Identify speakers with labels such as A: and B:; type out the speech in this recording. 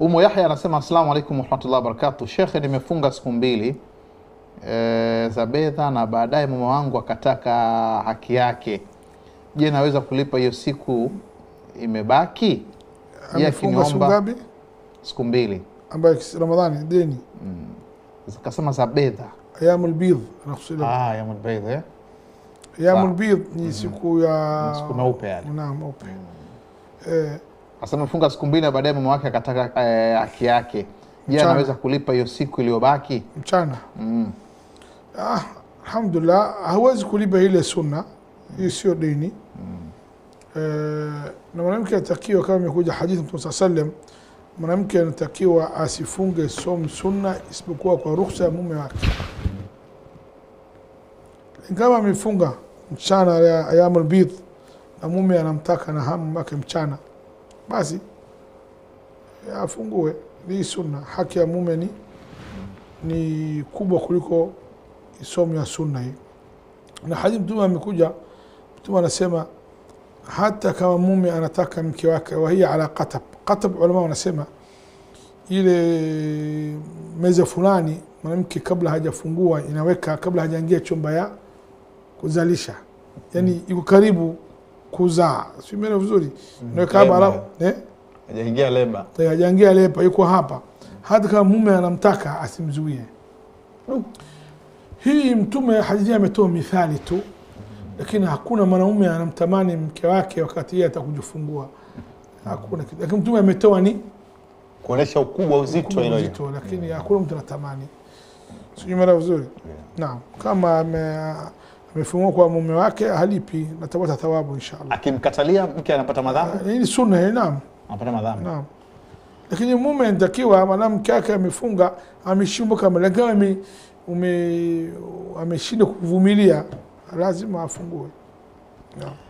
A: Umu Yahya anasema asalamu alaikum warahmatullahi wabarakatu. Shekhe, nimefunga siku mbili e, za bedha na baadaye mama wangu akataka haki yake. Je, naweza kulipa hiyo siku imebaki?
B: Amefunga siku ngapi? Siku mbili ambayo Ramadhani deni
A: mm. Kasema za bedha
B: ayamul bidh anakusudia.
A: Ah, ayamul bidh eh?
B: Ayamul bidh ni mm. siku ya
A: siku meupe yale.
B: Naam, meupe. Mm.
A: Eh, Asema mfunga siku mbili na baadaye mama wake akataka eh, haki eh, yake. Je, ya anaweza kulipa hiyo siku iliyobaki
B: mchana? mm. Ah, alhamdulillah hawezi kulipa ile sunna hiyo, sio dini mm. E, na mwanamke anatakiwa kama imekuja hadithi Mtume saa sallam, mwanamke anatakiwa asifunge som sunna isipokuwa kwa ruhusa ya mume wake. Ingawa amefunga mchana ya ayamul bidh na mume anamtaka na hamu wake mchana basi afungue. Hii sunna, haki ya mume ni, ni kubwa kuliko isomo ya sunna hii. Na hadithi Mtume amekuja, Mtume anasema hata kama mume anataka mke wake, wa ala qatab qatab, ulama wanasema ile meza fulani mwanamke kabla hajafungua inaweka, kabla hajaingia chumba ya kuzalisha, yani iko karibu kuzaa, si umeelewa vizuri? Mhm. Ndio eh, hajaingia leba, yuko hapa. Hata kama mume anamtaka asimzuie. Mm. Hii Mtume hadithi ametoa mithali tu, lakini hakuna mwanaume anamtamani mke wake wakati yeye atakujifungua, mm-hmm. hakuna kitu. Lakini Mtume ametoa ni
A: kuonesha ukubwa, uzito, hilo uzito,
B: lakini mm. hakuna mtu anatamani, sijui mara vizuri. Naam, kama amefungua kwa mume wake halipi na tabata thawabu inshallah.
A: Akimkatalia mke anapata madhambi.
B: Eh, hii ni sunna, eh, naam. Anapata madhambi. Naam. Lakini mume anatakiwa, maana mke wake amefunga, ameshimbuka malengo, ame ameshindwa kuvumilia, lazima afungue. Naam.